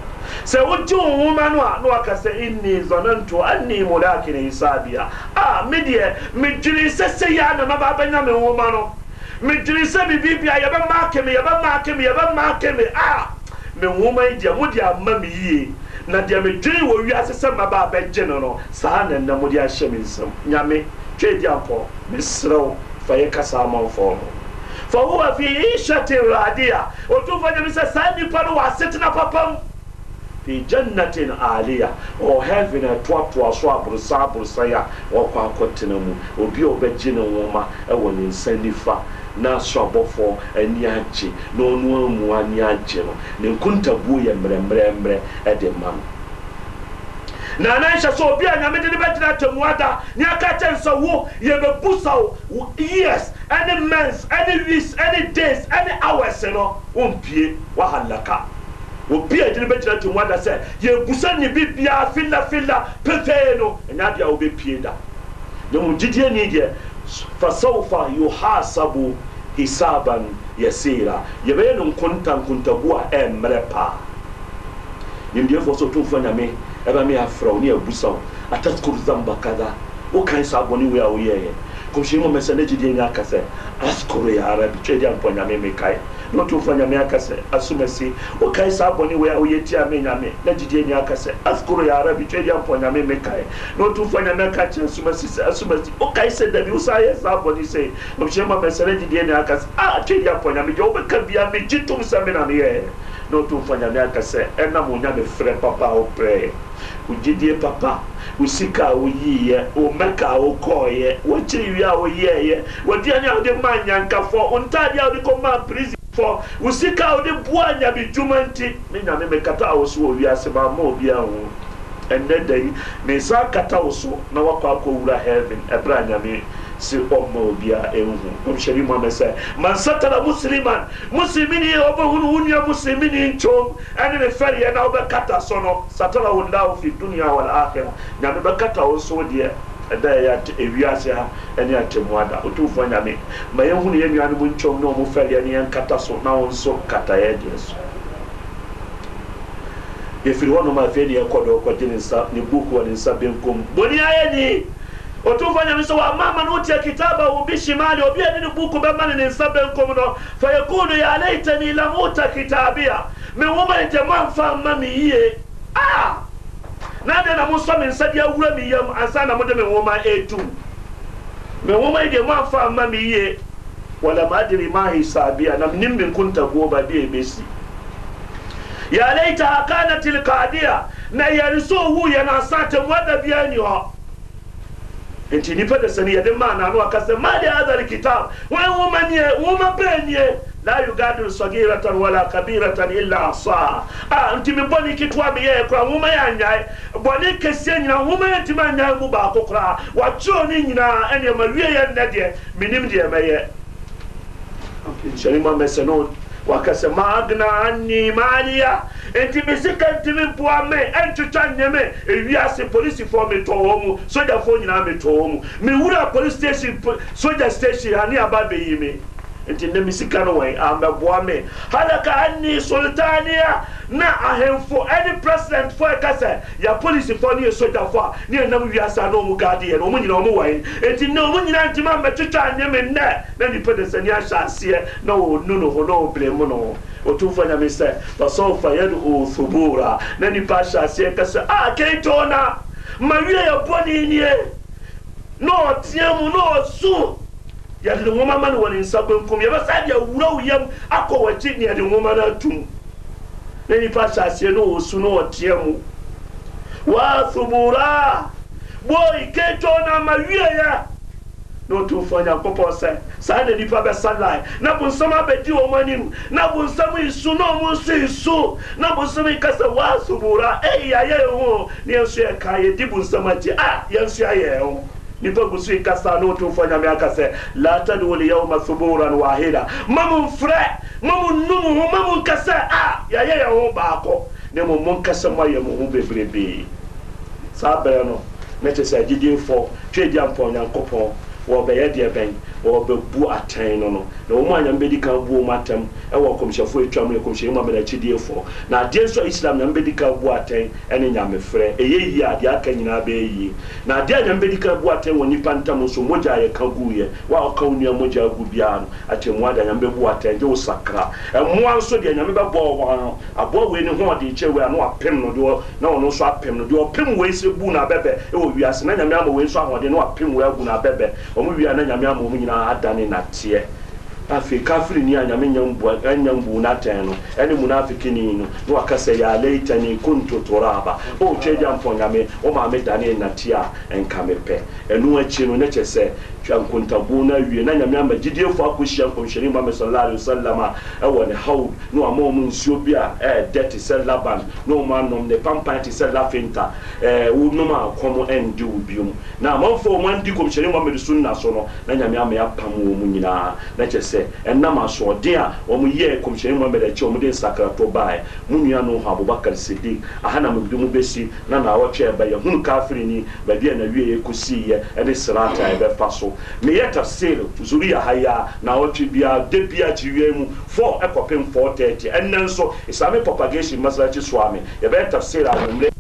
sɛ wogye nwoma no a na waka sɛ inni zanantu anni mulakin hisabia a medeɛ medwene sɛ sɛyi a na maba bɛnya me nwoma no medwene sɛ biribiribia yɛbɛmaake me yɛbɛmaake me yɛbɛmaake me a me nwoma yi deɛ mode ama me yie na deɛ medwene wɔ wiase sɛ maba bɛgye no no saa na nnɛ mode ahyɛ me nsɛm nyame twɛdi meserɛ wo fa yɛ kasa amanfoɔ no fa wowa fi ishatin radia ɔtumfo nyame sɛ saa nnipa no wɔ asetena papam fi jannatin aliya ɔhɛvin ɛtoatoa so aborosa aborosa yi a wɔkɔ akɔtena mu obi a ɔbɛgye ne nwoma ɛwɔ ne nsa nifa na so abɔfoɔ ani e agye na ɔno amu ani agye no ne nkontabuo yɛ mmerɛmmerɛmmerɛ ɛde ma no nana nhyɛ sɛ obi a nyame de ne bɛgyina atammu ada ne aka kyɛn sɛ wo yɛbɛbusa wo years ɛne mens ɛne weeks ɛne days ɛne hours no wompie wahalaka obi a gyina bɛgyina te mu ada sɛ yɛbusa ne bibia filafila pefee no ɛnyɛ adeɛ a wobɛpie da na mu gyidie ni deɛ fasawfa yuhasabu hisaban yasira yɛbɛyɛ no nkontankontabu a ɛmmerɛ paa nimdeɛfoɔ sɛ ɔtomfoɔ nyame ɛbɛ me afrɛ wo ne abusa wo ataskuru zamba kada wokan saa bɔne wei a woyɛɛ kɔmhyɛni mɔmɛ sɛ ne gyidie nyɛ aka sɛ askoro ya arabi twɛdeɛ ampɔ nyame mekae na ɔtumfoɔ nyame aka sɛ asom asi wokae saa bɔne wei a woyɛ tia me nyame na gyidie ni aka sɛ askoro yɛ arabi twɛdi ampɔ nyame mekae na ɔtumfoɔ nyame aka kyerɛ asom asi sɛ asom asi wokae sɛ dabi wo saa yɛ saa bɔne sɛ ɔmhyɛ ma mɛsɛre gyidie ni aka sɛ a twɛdi ampɔ nyame gya wobɛka bia megye tom sɛ me na meyɛ na ɔtumfoɔ nyame aka sɛ ɛnam onyame frɛ papa a woprɛɛ wogyidie papa wo sika a woyiiɛ wo mɛka a wokɔɔyɛ woakyiri wie a woyɛɛyɛ w'aduane a wode maa nyankafoɔ wo a wode kɔmaa prison fɔ wo sika a wode boa nyame dwuma nti me nyame mekata wo so wɔ wiase ma ama obiaa ho ɛnnɛ da yi mensa kata wo so na woakɔ akɔwura heaven ɛberɛ a nyame se ɔma obiaa ɛnhu ɔmhyɛri muhamɛ sɛ mansatara musliman muslimini ɔbɛhunu wo nua muslimini nkyom ɛne ne fɛreɛ na wobɛkata so no satara wo nda wo fi dunia wal akhira nyame bɛkata wo so deɛ ɛda yɛ ewiase ha ɛne atemu ada otumfoɔ nyame ma yɛnhu ne yɛn nuanom ntwom na ɔmo fɛdeɛ ne yɛnkata so na wɔn nso kata yɛ deɛ so yɛfiri hɔnom afei ne yɛkɔ dɔ ɔkɔgye ne nsa ne buku ne nsa benkum boni ayɛ ni otumfoɔ nyame sɛ wɔamama no wotia kitaba wo bi shimali obi ɛne ne buku bɛma ne ne nsa benkum no fa yakulu ya laitani lam uta kitabia me ne tɛ moamfa mma me yie ah! na adɛn na mosɔ me nsa de awura me yam ansa na mode me nwoma ɛtu me nwoma yi deɛ moamfa amma me yie wala maadiri ma hisabia na menim me nkontabuo ba bi ɛbɛsi ya laitaha kanat lkadia na yɛre sɛ owu yɛ no asa ansa atemmuada biaa ni hɔ nti nnipa de sɛne yɛde maa naano aka sɛ ma de hatha lkitab wan woma nie woma bɛɛ nie la yugadiru sagiratan wala kabiratan illa asaa a ah, ntimi bɔne ketewa meyɛɛ kora nwoma yɛ anyae bɔne kɛseɛ nyina nwoma yɛ ntimi anyae mu baako koraa wakyerɛw ne nyinaa ɛneɛ ma wieyɛ nnɛ deɛ menim deɛ mɛyɛ nhyɛrema mɛsɛnon wakasɛ maagna anni maaliya enti me sika ntimi mpoa me ɛntwetwa nyɛ me ewiase polisifoɔ metɔɔ wɔ mu sogyafoɔ nyinaa metɔɔ wɔ mu mewura police station soja station ha ne aba bɛyi me nti ne mi sika no wɔn ambɛboa me halaka ani sultania na ahemfo ɛne president fo ɛka sɛ yɛ polisifoɔ ne yɛ sojafoɔ a ne yɛ nam wiase na ɔmo gaade yɛ no ɔmo nyinaa ɔmo wɔn nti ne ɔmo nyinaa ntoma mbɛtwitwa anyame nnɛ na nipa de sɛ ne ahyɛ aseɛ na ɔnu no ho na ɔbere mu no ho otumfo nyame sɛ fasɔnfa yɛ no ɔsobora na nipa ahyɛ aseɛ kɛsɛ a ah, kentoo na ma wie yɛ bɔ ne nie na ɔteɛ mu na ɔsu yɛde nwoma ma no wɔ ne nsa benkum yɛbɛsa de awura wo yam akɔ ne yɛde nwoma no na nipa ahyɛaseɛ no wɔ no wɔteɛ mu boi keto na ama wieɛ na ɔtumfoɔ nyankopɔn sɛ saa na nipa bɛsa lae na abɛdi anim na bonsam isu na ɔmo nso isu na bonsam yi kasa waasubura eyi ayɛ yɛn ho ne yɛn nso yɛdi a yɛn nso ho nnipa gu so yi kasa ne wotomfoɔ nyame aka sɛ la tadwo lyauma thuburan wahida ma mo mfrɛ ma mamu num ho ma mo nkasɛ a yɛyɛ yɛn ho baakɔ ne mo mo nkasɛ mo ayɛ mo ho bebrebee saa berɛ no na kyɛ sɛ agyidiefoɔ tweagya mpa onyankopɔn wɔbɛyɛ deɛ bɛn wɔbɛbu atɛn no no na wɔn a nyame bɛdi kan bu wɔn atɛm ɛwɔ kɔmhyɛfoɔ atwa mu ne kɔmhyɛfoɔ mu amena akyidiefo na adeɛ nso islam nyame bɛdi kan bu atɛn ɛne nyamefrɛ ɛyɛ yie a adeɛ aka nyinaa bɛyɛ yie na adeɛ a nyame bɛdi kan bu atɛn wɔ nipa ntam nso mogya a yɛka gu yɛ wɔn a ɔka wɔn nua mogya gu biara no atɛmua deɛ nyame bɛbu atɛn gye wo sakra ɛmoa nso deɛ nyame bɛbɔ wɔn ano aboa wei ne ho ɔde kyɛ wei ano apem no deɛ na ɔno nso apem no deɛ ɔpem wei sɛ bu na abɛbɛ ɛwɔ wiase na nyame ama wei nso ahoɔden na wapem wei agu na abɛbɛ ɔmo wie a na nyame ama ɔmo nyinaa adane nateɛ afei kafiri ni a nyame nya mbu eh, natɛn no ɛne munafiki ni no na waka sɛ ya leitani kuntu turaba ɔɔtwa gya mpɔ nyame wo maame dane nate a ɛnka mepɛ ɛno akyi no ne kyɛ sɛ nkontabona wie na nyame ama gyidiefoɔ akɔhyia nkɔmhyɛne muhammad sallallahu alaihi wasallama ɛwɔ ne hawl na wɔma wɔn nsuo bi a ɛɛdɛ te sɛ laban na wɔn anom ne pampan te sɛ lafenta ɛɛ wonom a kɔm ɛndi wo biom na amanfoɔ wɔn andi nkɔmhyɛne muhammad sunna so no na nyame ama yɛapam wɔn nyinaa na kyɛ sɛ ɛnam asoɔden a wɔn yɛ nkɔmhyɛne muhammad akyi wɔn de nsakratɔ baeɛ mu nua no ho abubakar sidi aha na mɛbi mu bɛsi na na awɔtwe ɛbɛyɛ hun kafiri ni baabi a na wie yɛ kɔsi yɛ ɛne meyɛ tafsir zuriya ha yia na ɔtwe bia de bia kyiwie mu four ɛkɔpem 430 ɛnɛ nso islamic propagation masalachi so a me yɛbɛyɛ tafsir a